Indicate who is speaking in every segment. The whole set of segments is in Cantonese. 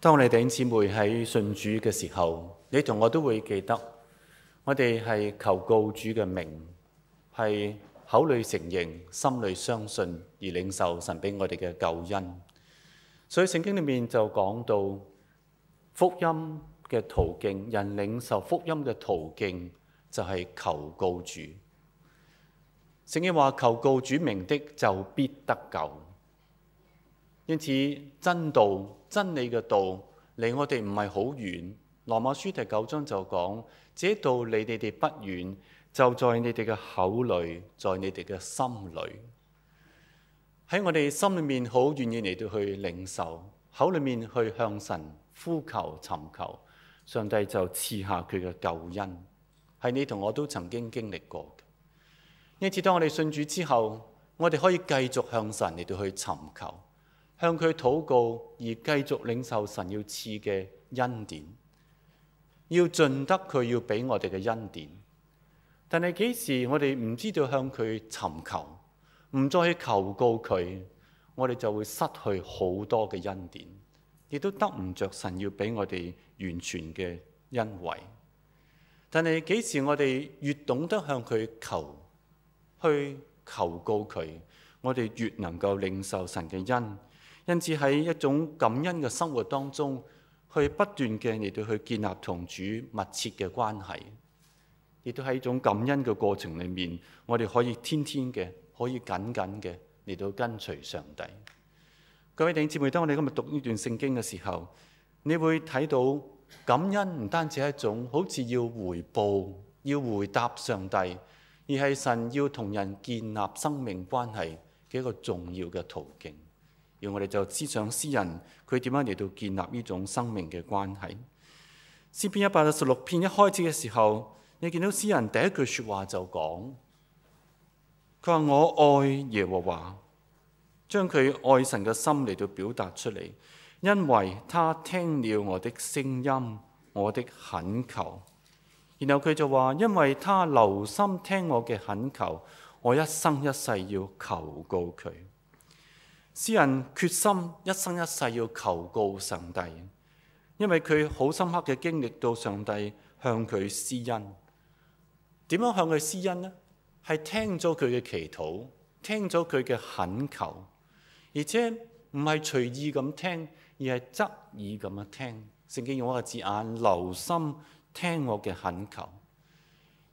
Speaker 1: 當你弟兄姊妹喺信主嘅時候，你同我都會記得，我哋係求告主嘅名，係口裏承認、心裏相信而領受神俾我哋嘅救恩。所以聖經裏面就講到福音嘅途徑，人領受福音嘅途徑就係求告主。聖經話：求告主名的就必得救。因此真道，真理嘅道離我哋唔係好遠，《羅馬書》第九章就講：這道離你哋不遠，就在你哋嘅口裏，在你哋嘅心裏。喺我哋心裏面好願意嚟到去領受，口裏面去向神呼求尋求，上帝就賜下佢嘅救恩，係你同我都曾經經歷過嘅。因此，當我哋信主之後，我哋可以繼續向神嚟到去尋求，向佢禱告而繼續領受神要賜嘅恩典，要盡得佢要俾我哋嘅恩典。但係幾時我哋唔知道向佢尋求，唔再去求告佢，我哋就會失去好多嘅恩典，亦都得唔着神要俾我哋完全嘅恩惠。但係幾時我哋越懂得向佢求，去求告佢，我哋越能夠領受神嘅恩。因此喺一種感恩嘅生活當中，去不斷嘅嚟到去建立同主密切嘅關係，亦都喺一種感恩嘅過程裏面，我哋可以天天嘅，可以緊緊嘅嚟到跟隨上帝。各位弟兄姊妹，當我哋今日讀呢段聖經嘅時候，你會睇到感恩唔單止係一種好似要回報、要回答上帝，而係神要同人建立生命關係嘅一個重要嘅途徑。要我哋就思想詩人佢點樣嚟到建立呢種生命嘅關係。詩篇一百一十六篇一開始嘅時候，你見到詩人第一句說話就講，佢話我愛耶和華，將佢愛神嘅心嚟到表達出嚟，因為他聽了我的聲音，我的懇求。然後佢就話，因為他留心聽我嘅懇求，我一生一世要求告佢。詩人決心一生一世要求告上帝，因為佢好深刻嘅經歷到上帝向佢施恩。點樣向佢施恩呢？係聽咗佢嘅祈禱，聽咗佢嘅懇求，而且唔係隨意咁聽，而係側耳咁樣聽。聖經用一個字眼，留心聽我嘅懇求。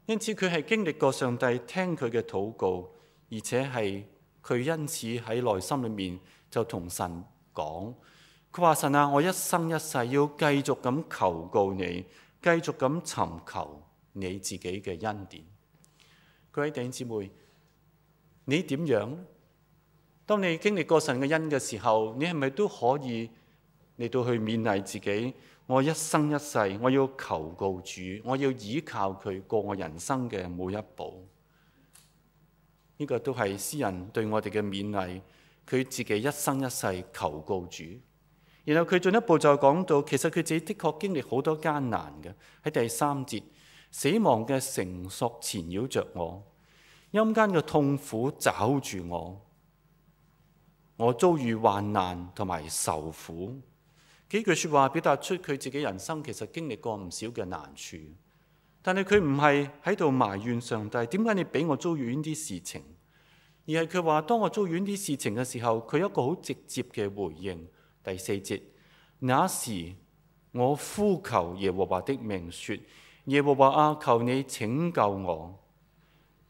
Speaker 1: 因此佢係經歷過上帝聽佢嘅禱告，而且係。佢因此喺內心裏面就同神講，佢話神啊，我一生一世要繼續咁求告你，繼續咁尋求你自己嘅恩典。各位弟兄姊妹，你點樣？當你經歷過神嘅恩嘅時候，你係咪都可以嚟到去勉勵自己？我一生一世，我要求告主，我要依靠佢過我人生嘅每一步。呢個都係詩人對我哋嘅勉勵，佢自己一生一世求告主。然後佢進一步就講到，其實佢自己的確經歷好多艱難嘅。喺第三節，死亡嘅繩索纏繞着我，陰間嘅痛苦抓住我，我遭遇患難同埋愁苦。幾句説話表達出佢自己人生其實經歷過唔少嘅難處。但係佢唔係喺度埋怨上帝，點解你俾我遭遇呢啲事情？而係佢話，當我遭遇呢啲事情嘅時候，佢有一個好直接嘅回應。第四節，那時我呼求耶和華的名說：耶和華啊，求你拯救我。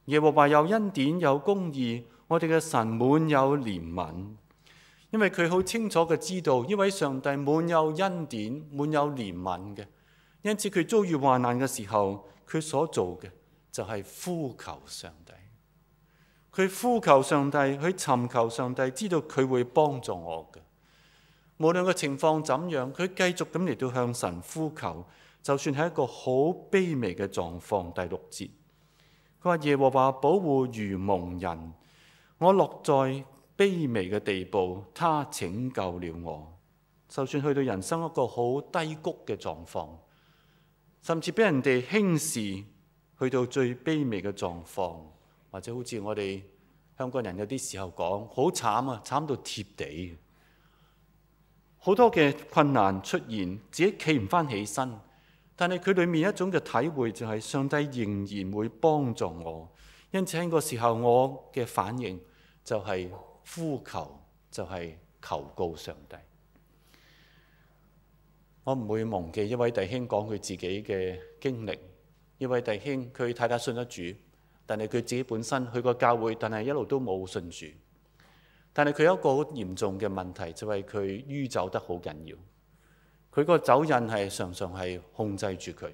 Speaker 1: 耶和華有恩典，有公義，我哋嘅神滿有憐憫，因為佢好清楚嘅知道，因為上帝滿有恩典，滿有憐憫嘅。因此佢遭遇患難嘅時候，佢所做嘅就係呼求上帝。佢呼求上帝，佢尋求上帝，知道佢會幫助我嘅。無論個情況怎樣，佢繼續咁嚟到向神呼求，就算係一個好卑微嘅狀況。第六節佢話：耶和華保護愚蒙人，我落在卑微嘅地步，他拯救了我。就算去到人生一個好低谷嘅狀況。甚至俾人哋輕視，去到最卑微嘅狀況，或者好似我哋香港人有啲時候講，好慘啊，慘到貼地，好多嘅困難出現，自己企唔翻起身。但係佢裡面一種嘅體會就係，上帝仍然會幫助我。因此喺個時候，我嘅反應就係呼求，就係求告上帝。我唔會忘記一位弟兄講佢自己嘅經歷。一位弟兄佢太太信得主，但係佢自己本身去過教會，但係一路都冇信主。但係佢有一個好嚴重嘅問題，就係佢酗酒得好緊要。佢個酒癮係常常係控制住佢，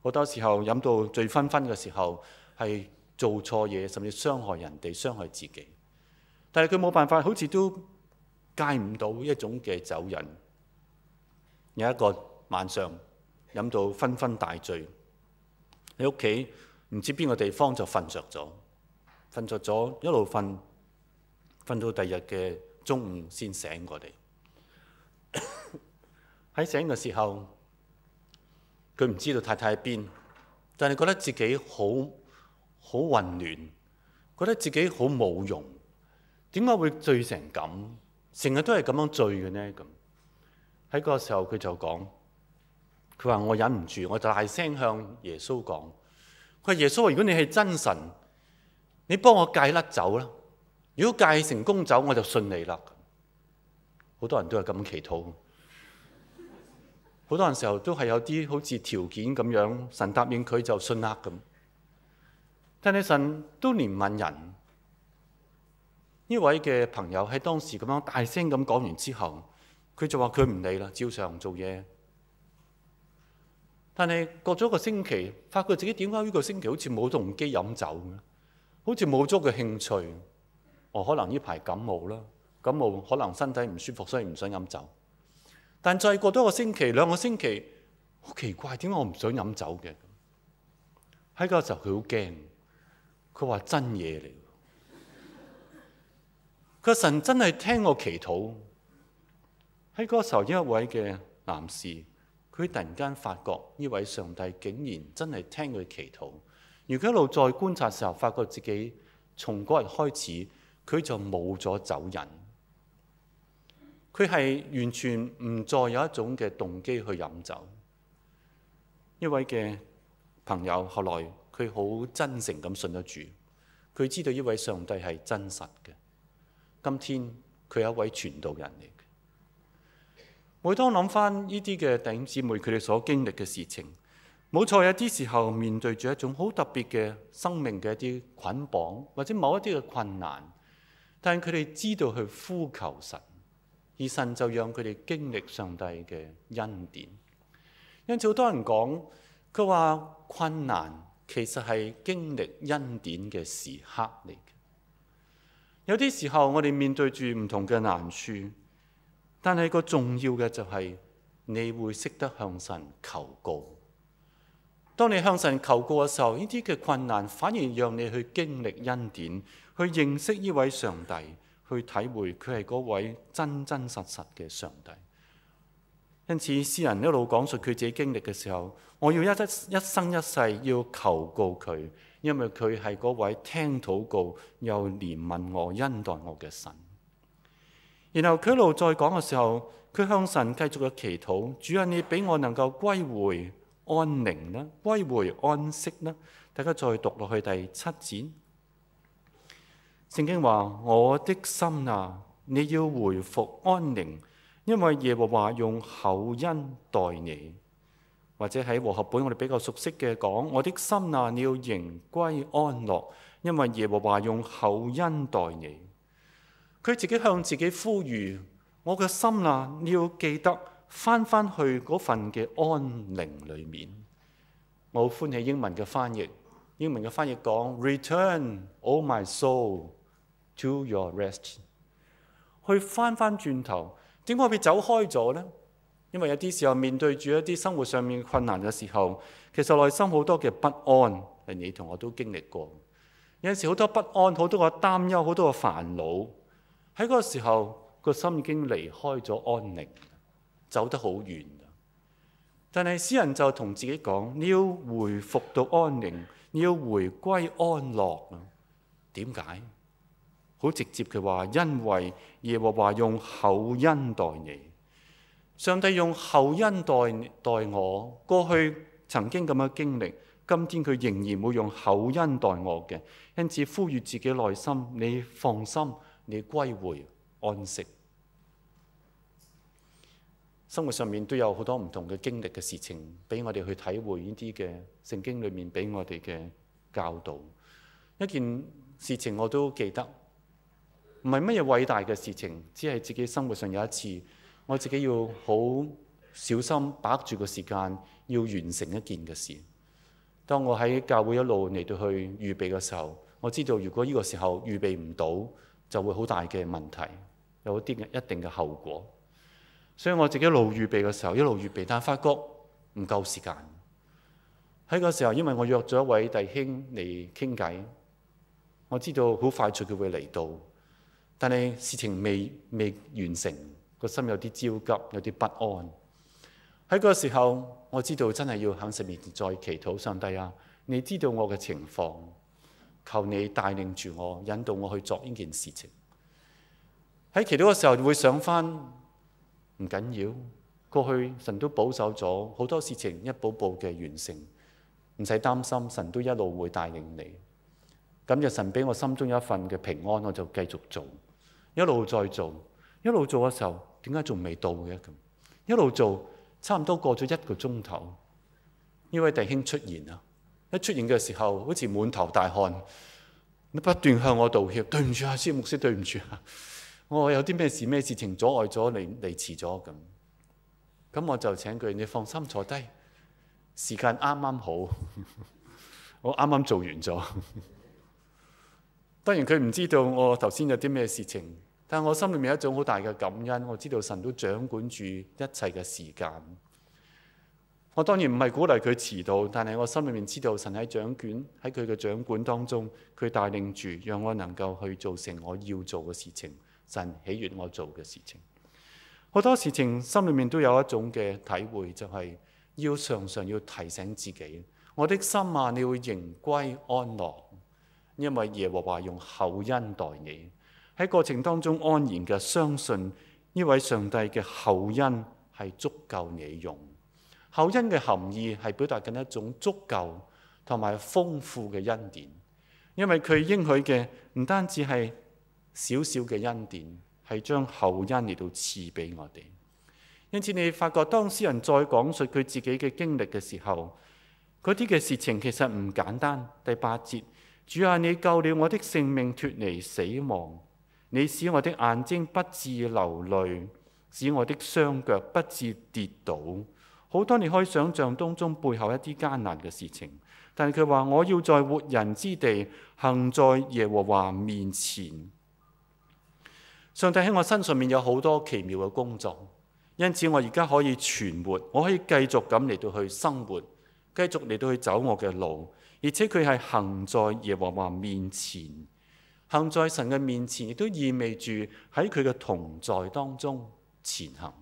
Speaker 1: 好多時候飲到醉醺醺嘅時候係做錯嘢，甚至傷害人哋、傷害自己。但係佢冇辦法，好似都戒唔到一種嘅酒癮。有一個晚上飲到昏昏大醉，喺屋企唔知邊個地方就瞓着咗，瞓着咗一路瞓，瞓到第二日嘅中午先醒過嚟。喺 醒嘅時候，佢唔知道太太喺邊，但係覺得自己好好混亂，覺得自己好冇用。點解會醉成咁？成日都係咁樣醉嘅呢？咁。喺個時候，佢就講：佢話我忍唔住，我就大聲向耶穌講：佢話耶穌，如果你係真神，你幫我戒甩酒啦！如果戒成功走，我就信你啦。好多人都係咁祈禱，好多時候都係有啲好似條件咁樣，神答應佢就信啦咁。但係神都憐憫人。呢位嘅朋友喺當時咁樣大聲咁講完之後，佢就話：佢唔理啦，照常做嘢。但係過咗一個星期，發覺自己點解呢個星期好似冇動機飲酒嘅，好似冇咗個興趣。哦，可能呢排感冒啦，感冒可能身體唔舒服，所以唔想飲酒。但再過多個星期、兩個星期，好奇怪，點解我唔想飲酒嘅？喺、那、嗰個時候，佢好驚。佢話：真嘢嚟，佢話神真係聽我祈禱。喺嗰時候，一位嘅男士，佢突然間發覺呢位上帝竟然真係聽佢祈禱。而佢一路再觀察時候，發覺自己從嗰日開始，佢就冇咗酒癮。佢係完全唔再有一種嘅動機去飲酒。呢位嘅朋友後來佢好真誠咁信咗主。佢知道呢位上帝係真實嘅。今天佢係一位傳道人嚟。每當諗翻呢啲嘅弟兄姊妹，佢哋所經歷嘅事情，冇錯，有啲時候面對住一種好特別嘅生命嘅一啲捆綁或者某一啲嘅困難，但係佢哋知道去呼求神，而神就讓佢哋經歷上帝嘅恩典。因此好多人講，佢話困難其實係經歷恩典嘅時刻嚟嘅。有啲時候我哋面對住唔同嘅難處。但係個重要嘅就係，你會識得向神求告。當你向神求告嘅時候，呢啲嘅困難反而讓你去經歷恩典，去認識呢位上帝，去體會佢係嗰位真真實實嘅上帝。因此，詩人一路講述佢自己經歷嘅時候，我要一一生一世要求告佢，因為佢係嗰位聽禱告又憐憫我、恩待我嘅神。然後佢一路再講嘅時候，佢向神繼續嘅祈禱：主啊，你俾我能夠歸回安寧啦，歸回安息啦。大家再讀落去第七節，聖經話：我的心啊，你要回復安寧，因為耶和華用厚恩待你。或者喺和合本我哋比較熟悉嘅講：我的心啊，你要仍歸安樂，因為耶和華用厚恩待你。佢自己向自己呼籲，我嘅心啊，你要記得返返去嗰份嘅安寧裏面。我好歡喜英文嘅翻譯，英文嘅翻譯講：Return, O my soul, to your rest。去返返轉頭，點解會走開咗呢？因為有啲時候面對住一啲生活上面困難嘅時候，其實內心好多嘅不安係你同我都經歷過。有陣時好多不安，好多嘅擔憂，好多嘅煩惱。喺嗰個時候，個心已經離開咗安寧，走得好遠啦。但係，詩人就同自己講：你要回復到安寧，你要回歸安樂啊。點解？好直接嘅話，因為耶和華用厚恩待你，上帝用厚恩待待我。過去曾經咁樣經歷，今天佢仍然會用厚恩待我嘅，因此呼籲自己內心：你放心。你歸回安息，生活上面都有好多唔同嘅經歷嘅事情，俾我哋去體會。呢啲嘅聖經裏面俾我哋嘅教導。一件事情我都記得，唔係乜嘢偉大嘅事情，只係自己生活上有一次，我自己要好小心把握住個時間，要完成一件嘅事。當我喺教會一路嚟到去預備嘅時候，我知道如果呢個時候預備唔到。就會好大嘅問題，有一啲一定嘅後果，所以我自己一路預備嘅時候，一路預備，但係發覺唔夠時間。喺個時候，因為我約咗一位弟兄嚟傾偈，我知道好快脆佢會嚟到，但係事情未未完成，個心有啲焦急，有啲不安。喺個時候，我知道真係要喺神面前再祈禱，上帝啊，你知道我嘅情況。求你帶領住我，引導我去做呢件事情。喺祈禱嘅時候，會想翻唔緊要，過去神都保守咗好多事情，一步步嘅完成，唔使擔心，神都一路會帶領你。咁就神俾我心中一份嘅平安，我就繼續做，一路再做，一路做嘅時候，點解仲未到嘅咁？一路做，差唔多過咗一個鐘頭，呢位弟兄出現啦。一出現嘅時候，好似滿頭大汗，你不斷向我道歉：對唔住啊，蕭牧師，對唔住啊！我有啲咩事咩事情阻礙咗你，嚟遲咗咁。咁我就請佢，你放心坐低，時間啱啱好， 我啱啱做完咗。 當然佢唔知道我頭先有啲咩事情，但係我心裏面有一種好大嘅感恩，我知道神都掌管住一切嘅時間。我當然唔係鼓勵佢遲到，但係我心裏面知道神喺掌權，喺佢嘅掌管當中，佢帶領住，讓我能夠去做成我要做嘅事情。神喜悅我做嘅事情，好多事情心裏面都有一種嘅體會，就係、是、要常常要提醒自己，我的心啊，你要仍歸安樂，因為耶和華用厚恩待你。喺過程當中安然嘅相信呢位上帝嘅厚恩係足夠你用。厚恩嘅含義係表達緊一種足夠同埋豐富嘅恩典，因為佢應許嘅唔單止係少少嘅恩典，係將厚恩嚟到賜俾我哋。因此你發覺當詩人再講述佢自己嘅經歷嘅時候，嗰啲嘅事情其實唔簡單。第八節，主啊，你救了我的性命脱離死亡，你使我的眼睛不致流淚，使我的雙腳不致跌倒。好多你可以想象，當中背後一啲艱難嘅事情，但係佢話我要在活人之地，行在耶和華面前。上帝喺我身上面有好多奇妙嘅工作，因此我而家可以存活，我可以繼續咁嚟到去生活，繼續嚟到去走我嘅路，而且佢係行在耶和華面前，行在神嘅面前，亦都意味住喺佢嘅同在當中前行。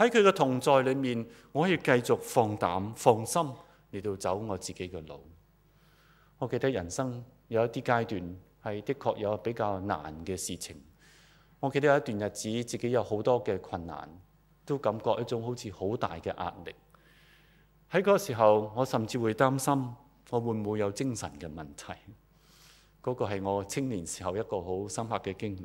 Speaker 1: 喺佢嘅同在裏面，我可以繼續放膽放心嚟到走我自己嘅路。我記得人生有一啲階段係的確有比較難嘅事情。我記得有一段日子自己有好多嘅困難，都感覺一種好似好大嘅壓力。喺嗰個時候，我甚至會擔心我會唔會有精神嘅問題。嗰個係我青年時候一個好深刻嘅經歷。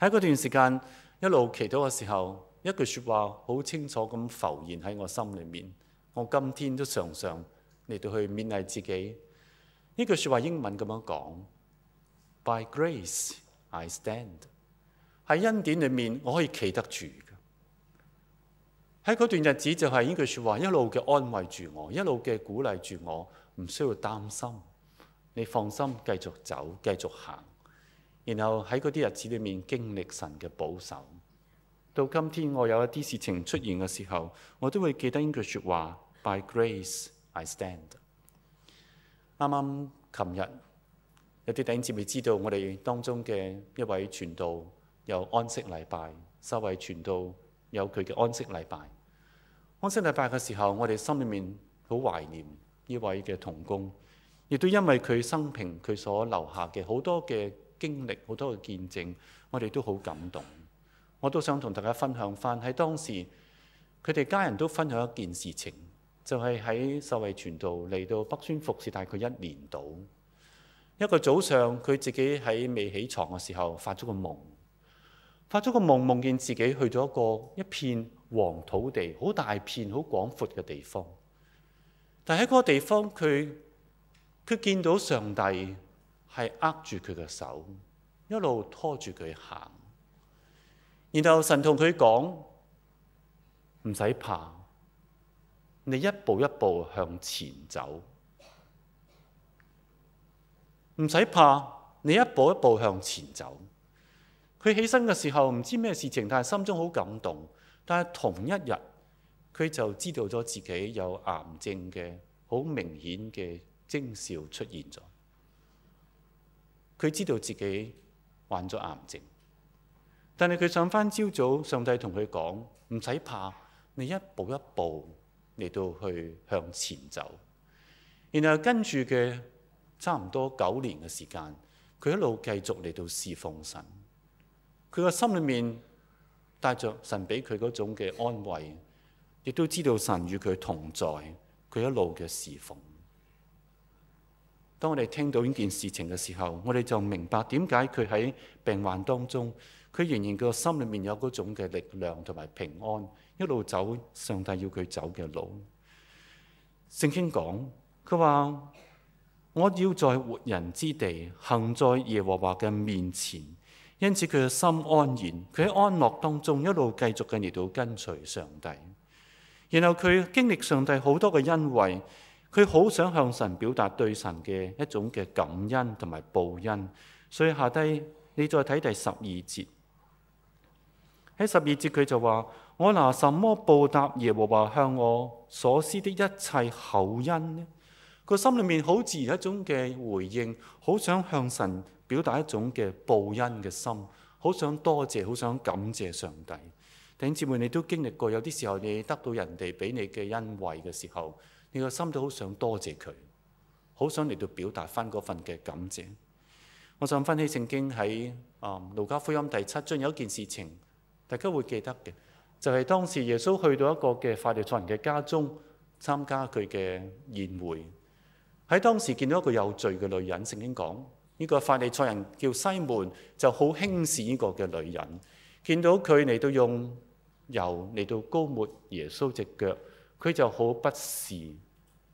Speaker 1: 喺嗰段時間一路祈禱嘅時候，一句説話好清楚咁浮現喺我心裏面，我今天都常常嚟到去勉勵自己。呢句説話英文咁樣講：By grace I stand。喺恩典裏面，我可以企得住嘅。喺嗰段日子就係呢句説話一路嘅安慰住我，一路嘅鼓勵住我，唔需要擔心。你放心，繼續走，繼續行。然後喺嗰啲日子裏面經歷神嘅保守。到今天，我有一啲事情出現嘅時候，我都會記得呢句説話：By grace I stand。啱啱琴日，有啲弟兄姊妹知道我哋當中嘅一位傳道有安息禮拜，收為傳道有佢嘅安息禮拜。安息禮拜嘅時候，我哋心裏面好懷念呢位嘅同工，亦都因為佢生平佢所留下嘅好多嘅經歷、好多嘅見證，我哋都好感動。我都想同大家分享翻喺當時，佢哋家人都分享一件事情，就係、是、喺受惠傳道嚟到北宣服侍大概一年度。一個早上，佢自己喺未起床嘅時候發咗個夢，發咗個夢，夢見自己去咗一個一片黃土地，好大片、好廣闊嘅地方。但喺嗰個地方，佢佢見到上帝係握住佢嘅手，一路拖住佢行。然後神同佢講：唔使怕，你一步一步向前走。唔使怕，你一步一步向前走。佢起身嘅時候唔知咩事情，但係心中好感動。但係同一日，佢就知道咗自己有癌症嘅好明顯嘅徵兆出現咗。佢知道自己患咗癌症。但係佢上返朝早，上帝同佢講：唔使怕，你一步一步嚟到去向前走。然後跟住嘅差唔多九年嘅時間，佢一路繼續嚟到侍奉神。佢個心裏面帶着神俾佢嗰種嘅安慰，亦都知道神與佢同在。佢一路嘅侍奉。當我哋聽到呢件事情嘅時候，我哋就明白點解佢喺病患當中，佢仍然個心裏面有嗰種嘅力量同埋平安，一路走上帝要佢走嘅路。聖經講，佢話：我要在活人之地行在耶和華嘅面前，因此佢嘅心安然，佢喺安樂當中一路繼續嘅嚟到跟隨上帝。然後佢經歷上帝好多嘅恩惠。佢好想向神表達對神嘅一種嘅感恩同埋報恩，所以下低你再睇第十二節。喺十二節佢就話：我拿什麼報答耶和華向我所思的一切厚恩呢？個心裏面好自然一種嘅回應，好想向神表達一種嘅報恩嘅心，好想多謝，好想感謝上帝。弟兄姊妹，你都經歷過，有啲時候你得到人哋俾你嘅恩惠嘅時候。你個心都好想多謝佢，好想嚟到表達翻嗰份嘅感謝。我想翻起聖經喺啊《路加福音》第七章有一件事情，大家會記得嘅，就係當時耶穌去到一個嘅法利賽人嘅家中參加佢嘅宴會。喺當時見到一個有罪嘅女人，聖經講呢個法利賽人叫西門，就好輕視呢個嘅女人，見到佢嚟到用油嚟到膏抹耶穌隻腳。佢就好不屑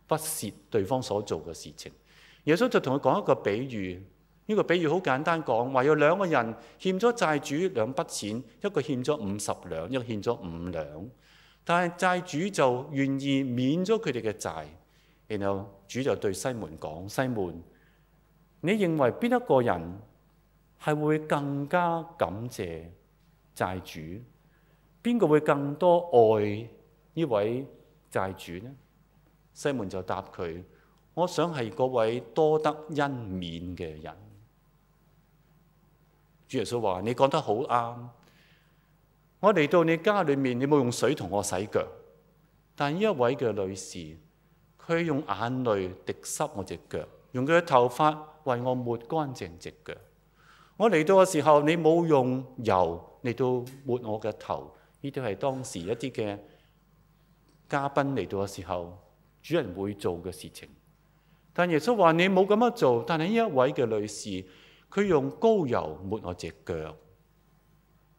Speaker 1: 不屑對方所做嘅事情。耶穌就同佢講一個比喻，呢、呢個比喻好簡單講話：有兩個人欠咗債主兩筆錢，一個欠咗五十兩，一個欠咗五兩。但係債主就願意免咗佢哋嘅債。然後主就對西門講：西門，你認為邊一個人係會更加感謝債主？邊個會更多愛呢位？債主呢，西門就答佢：我想係嗰位多得恩免嘅人。主耶穌話：你講得好啱。我嚟到你家裏面，你冇用水同我洗腳，但呢一位嘅女士，佢用眼淚滴濕我隻腳，用佢嘅頭髮為我抹乾淨隻腳。我嚟到嘅時候，你冇用油嚟到抹我嘅頭。呢啲係當時一啲嘅。嘉賓嚟到嘅時候，主人會做嘅事情。但耶穌話：你冇咁樣做。但係呢一位嘅女士，佢用膏油抹我隻腳，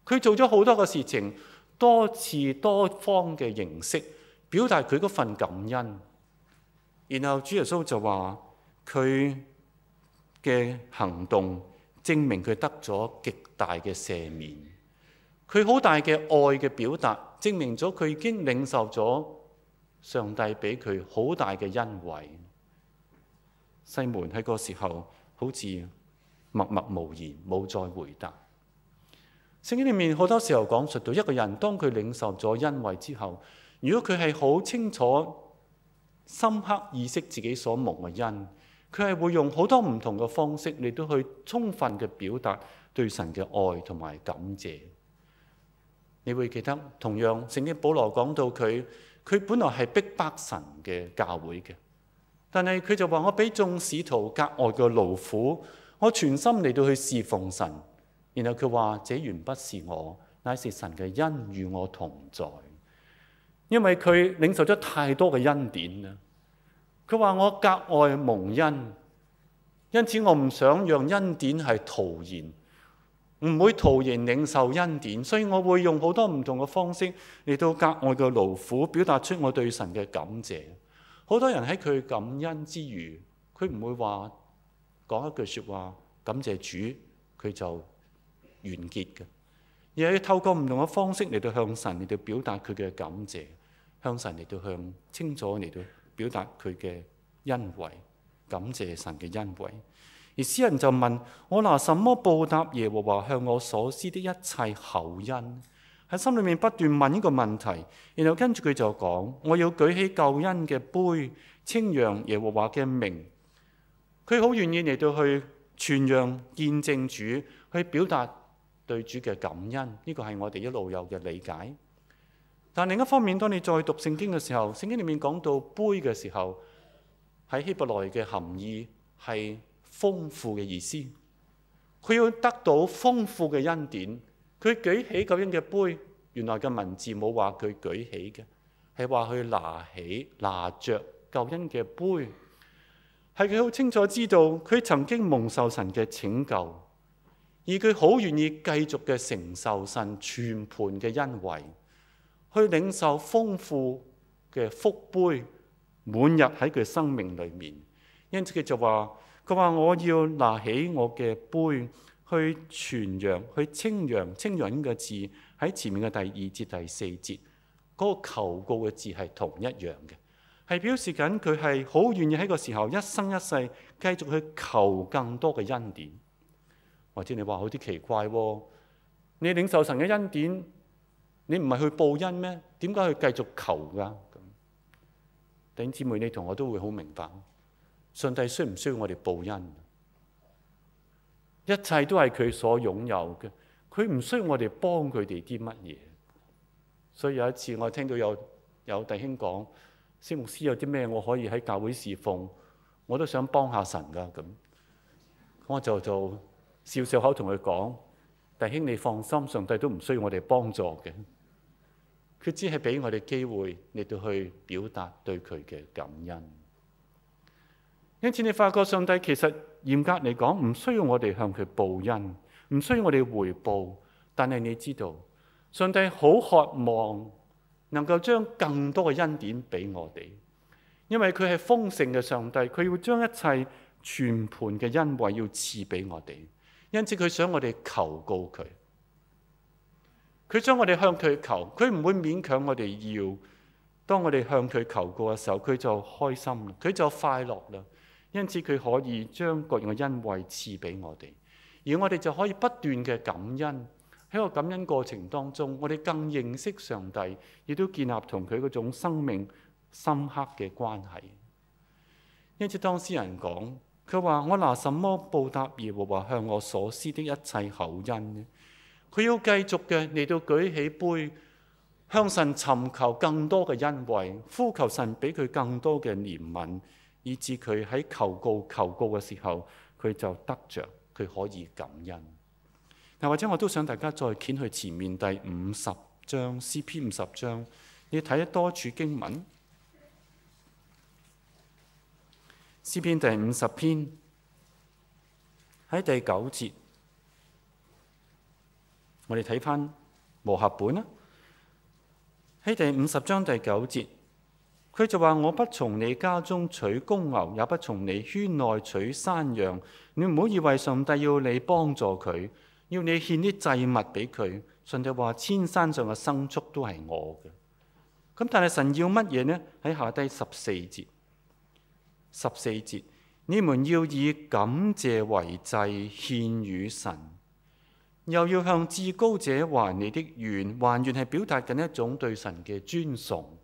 Speaker 1: 佢做咗好多嘅事情，多次多方嘅形式表達佢嗰份感恩。然後主耶穌就話：佢嘅行動證明佢得咗極大嘅赦免，佢好大嘅愛嘅表達，證明咗佢已經領受咗。上帝俾佢好大嘅恩惠。西門喺嗰時候好似默默無言，冇再回答。聖經裏面好多時候講述到一個人，當佢領受咗恩惠之後，如果佢係好清楚深刻意識自己所蒙嘅恩，佢係會用好多唔同嘅方式，嚟都都去充分嘅表達對神嘅愛同埋感謝。你會記得同樣聖經保羅講到佢。佢本來係逼迫神嘅教會嘅，但係佢就話，我比眾使徒格外嘅勞苦，我全心嚟到去侍奉神。然後佢話，這原不是我，乃是神嘅恩與我同在，因為佢領受咗太多嘅恩典啦。佢話我格外蒙恩，因此我唔想讓恩典係徒然。唔會徒然領受恩典，所以我會用好多唔同嘅方式嚟到格外嘅勞苦，表達出我對神嘅感謝。好多人喺佢感恩之餘，佢唔會話講一句說話感謝主，佢就完結嘅。而係透過唔同嘅方式嚟到向神嚟到表達佢嘅感謝，向神嚟到向清楚嚟到表達佢嘅恩惠，感謝神嘅恩惠。而詩人就問，我拿什麼報答耶和華向我所施的一切厚恩？」喺心裏面不斷問呢個問題，然後跟住佢就講：我要舉起救恩嘅杯，稱揚耶和華嘅名。佢好願意嚟到去傳揚見證主，去表達對主嘅感恩。呢個係我哋一路有嘅理解。但另一方面，當你再讀聖經嘅時候，聖經裏面講到杯嘅時候，喺希伯來嘅含義係。豐富嘅意思，佢要得到豐富嘅恩典。佢舉起救恩嘅杯，原來嘅文字冇話佢舉起嘅，係話佢拿起拿着救恩嘅杯，係佢好清楚知道佢曾經蒙受神嘅拯救，而佢好願意繼續嘅承受神全盤嘅恩惠，去領受豐富嘅福杯，滿入喺佢生命裏面。因此佢就話。佢話：我要拿起我嘅杯去傳揚，去稱揚。稱揚呢個字喺前面嘅第二節第四節嗰個求告嘅字係同一樣嘅，係表示緊佢係好願意喺個時候一生一世繼續去求更多嘅恩典。或者你話好啲奇怪喎，你領受神嘅恩典，你唔係去報恩咩？點解去繼續求㗎？弟兄姊妹，你同我都會好明白。上帝需唔需要我哋報恩？一切都係佢所擁有嘅，佢唔需要我哋幫佢哋啲乜嘢。所以有一次我聽到有有弟兄講：蕭牧師有啲咩我可以喺教會侍奉，我都想幫下神噶咁。我就就笑笑口同佢講：弟兄你放心，上帝都唔需要我哋幫助嘅，佢只係俾我哋機會嚟到去表達對佢嘅感恩。因此你發覺上帝其實，嚴格嚟講唔需要我哋向佢報恩，唔需要我哋回報。但係你知道，上帝好渴望能夠將更多嘅恩典俾我哋，因為佢係豐盛嘅上帝，佢要將一切全盤嘅恩惠要賜俾我哋。因此佢想我哋求告佢，佢想我哋向佢求，佢唔會勉強我哋要。當我哋向佢求告嘅時候，佢就開心，佢就快樂啦。因此佢可以將各樣嘅恩惠賜俾我哋，而我哋就可以不斷嘅感恩。喺個感恩過程當中，我哋更認識上帝，亦都建立同佢嗰種生命深刻嘅關係。因此，當詩人講，佢話我拿什麼報答耶和華向我所施的一切厚恩呢？佢要繼續嘅嚟到舉起杯，向神尋求更多嘅恩惠，呼求神俾佢更多嘅憐憫。以致佢喺求告、求告嘅時候，佢就得着，佢可以感恩。嗱，或者我都想大家再掀去前面第五十章詩篇五十章，你睇多處經文。詩篇第五十篇喺第九節，我哋睇翻和合本啦。喺第五十章第九節。佢就話：我不從你家中取公牛，也不從你圈內取山羊。你唔好以為上帝要你幫助佢，要你獻啲祭物俾佢。上帝話：千山上嘅牲畜都係我嘅。咁但係神要乜嘢呢？喺下低十四節，十四節，你們要以感謝為祭獻與神，又要向至高者還你的願，還願係表達緊一種對神嘅尊崇，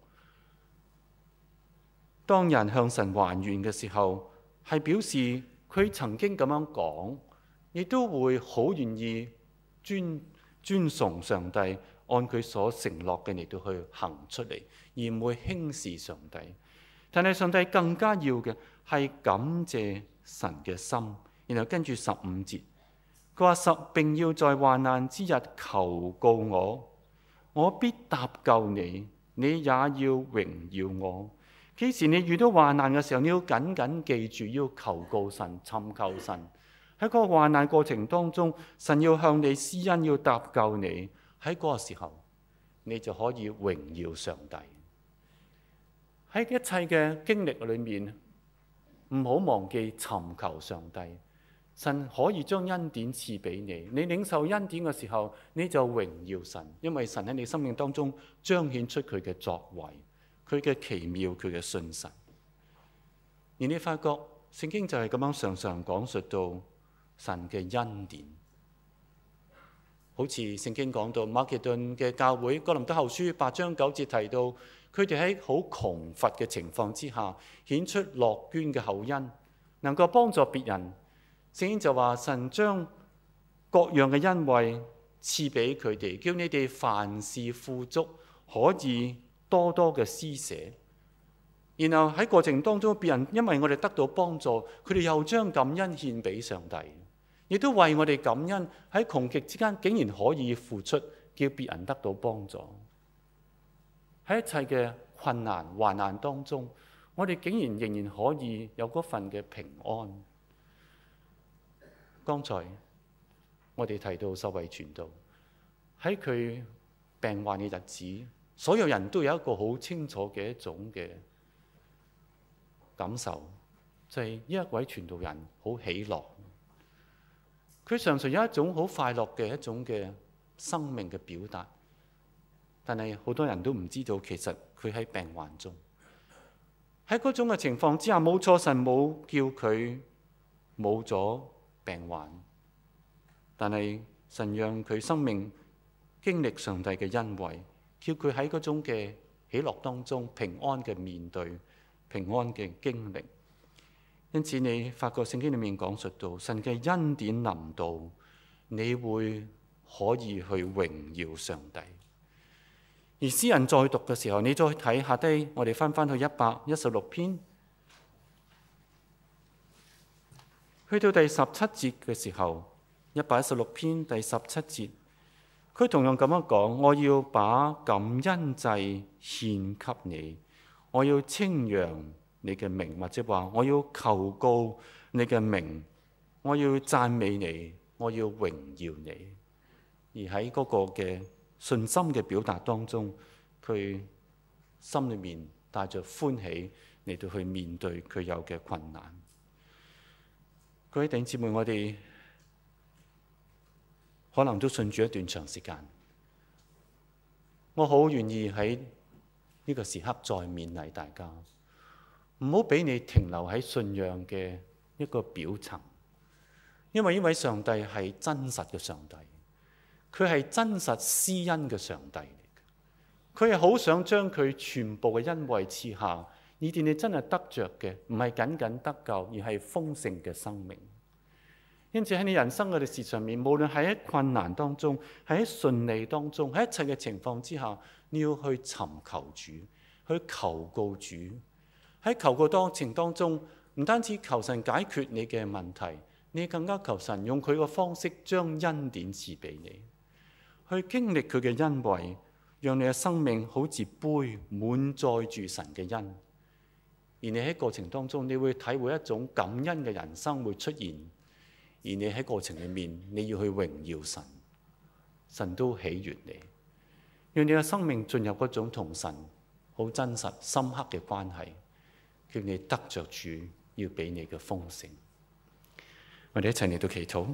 Speaker 1: 當人向神還願嘅時候，係表示佢曾經咁樣講，亦都會好願意尊尊崇上帝，按佢所承諾嘅力度去行出嚟，而唔會輕視上帝。但係上帝更加要嘅係感謝神嘅心。然後跟住十五節，佢話十並要在患難之日求告我，我必搭救你，你也要榮耀我。幾時你遇到患難嘅時候，你要緊緊記住要求告神、尋求神。喺嗰個患難過程當中，神要向你施恩，要搭救你。喺嗰個時候，你就可以榮耀上帝。喺一切嘅經歷裏面，唔好忘記尋求上帝。神可以將恩典賜俾你，你領受恩典嘅時候，你就榮耀神，因為神喺你生命當中彰顯出佢嘅作為。佢嘅奇妙，佢嘅信實，而你發覺聖經就係咁樣常常講述到神嘅恩典，好似聖經講到馬其頓嘅教會，哥林多後書八章九節提到，佢哋喺好窮乏嘅情況之下，顯出樂捐嘅厚恩，能夠幫助別人。聖經就話神將各樣嘅恩惠賜俾佢哋，叫你哋凡事富足，可以，多多嘅施捨，然後喺過程當中，別人因為我哋得到幫助，佢哋又將感恩獻俾上帝，亦都為我哋感恩。喺窮極之間竟然可以付出，叫別人得到幫助。喺一切嘅困難患難當中，我哋竟然仍然可以有嗰份嘅平安。剛才我哋提到受遺傳道喺佢病患嘅日子。所有人都有一個好清楚嘅一種嘅感受，就係呢一位傳道人好喜樂，佢常常有一種好快樂嘅一種嘅生命嘅表達，但係好多人都唔知道其實佢喺病患中，喺嗰種嘅情況之下，冇錯神冇叫佢冇咗病患，但係神讓佢生命經歷上帝嘅恩惠。叫佢喺嗰種嘅喜樂當中平安嘅面對，平安嘅經歷。因此你發覺聖經裏面講述到神嘅恩典臨到，你會可以去榮耀上帝。而詩人再讀嘅時候，你再睇下低，我哋翻翻去一百一十六篇，去到第十七節嘅時候，一百一十六篇第十七節。佢同樣咁樣講：我要把感恩祭獻給你，我要稱揚你嘅名，或者話我要求告你嘅名，我要讚美你，我要榮耀你。而喺嗰個嘅信心嘅表達當中，佢心裏面帶着歡喜嚟到去面對佢有嘅困難。各位弟兄姊妹，我哋。可能都順住一段長時間，我好願意喺呢個時刻再勉勵大家，唔好俾你停留喺信仰嘅一個表層，因為呢位上帝係真實嘅上帝，佢係真實施恩嘅上帝嚟嘅，佢係好想將佢全部嘅恩惠賜下，以至你真係得着嘅，唔係僅僅得救，而係豐盛嘅生命。因此喺你人生嘅歷史上面，無論喺困難當中，喺順利當中，喺一切嘅情況之下，你要去尋求主，去求告主。喺求告當程當中，唔單止求神解決你嘅問題，你更加求神用佢嘅方式將恩典賜俾你，去經歷佢嘅恩惠，讓你嘅生命好似杯滿載住神嘅恩。而你喺過程當中，你會體會一種感恩嘅人生會出現。而你喺過程裏面，你要去榮耀神，神都喜悅你，讓你嘅生命進入嗰種同神好真實深刻嘅關係，叫你得着主要俾你嘅豐盛。我哋一齊嚟到祈禱。